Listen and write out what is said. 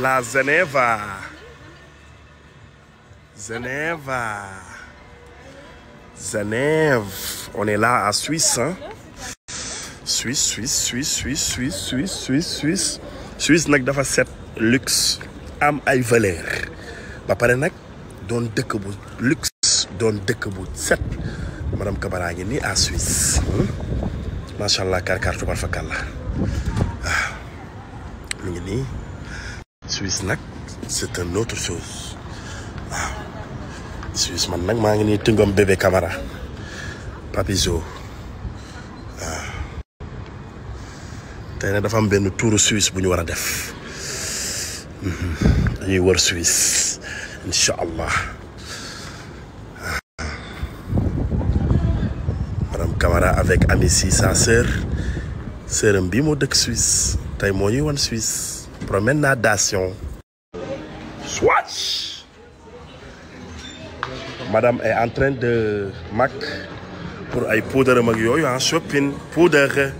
la Zeneva. Zeneva. Genève. On est là à Suisse. Hein? Suisse, Suisse, Suisse, Suisse, Suisse, Suisse, Suisse, Suisse. Suisse nag dafa set luxe am ay valeur ba pare nag don dëkk bu luxe don dëkk bu set madame Kabara yeni à Suisse. Hmm? Machallah, car kàr kàr tubarfakalla waaw ah, mu Suisse nak c'est une autre chose ah, Suisse man nak mangi ni nii bébé Camara Papizo waaw ah. tey nag dafa am ben tour Suisse buñu wara war def mhm. dañuy wër Suisse Inshallah. Ah. madame Camara avec Ami si sa sœur sœuram bii moo dëkk Suisse Tay moo ñuy wan Suisse promenade d'action. Swatch! Madame est en train de mac pour aller poudre, hein, shopping, poudre.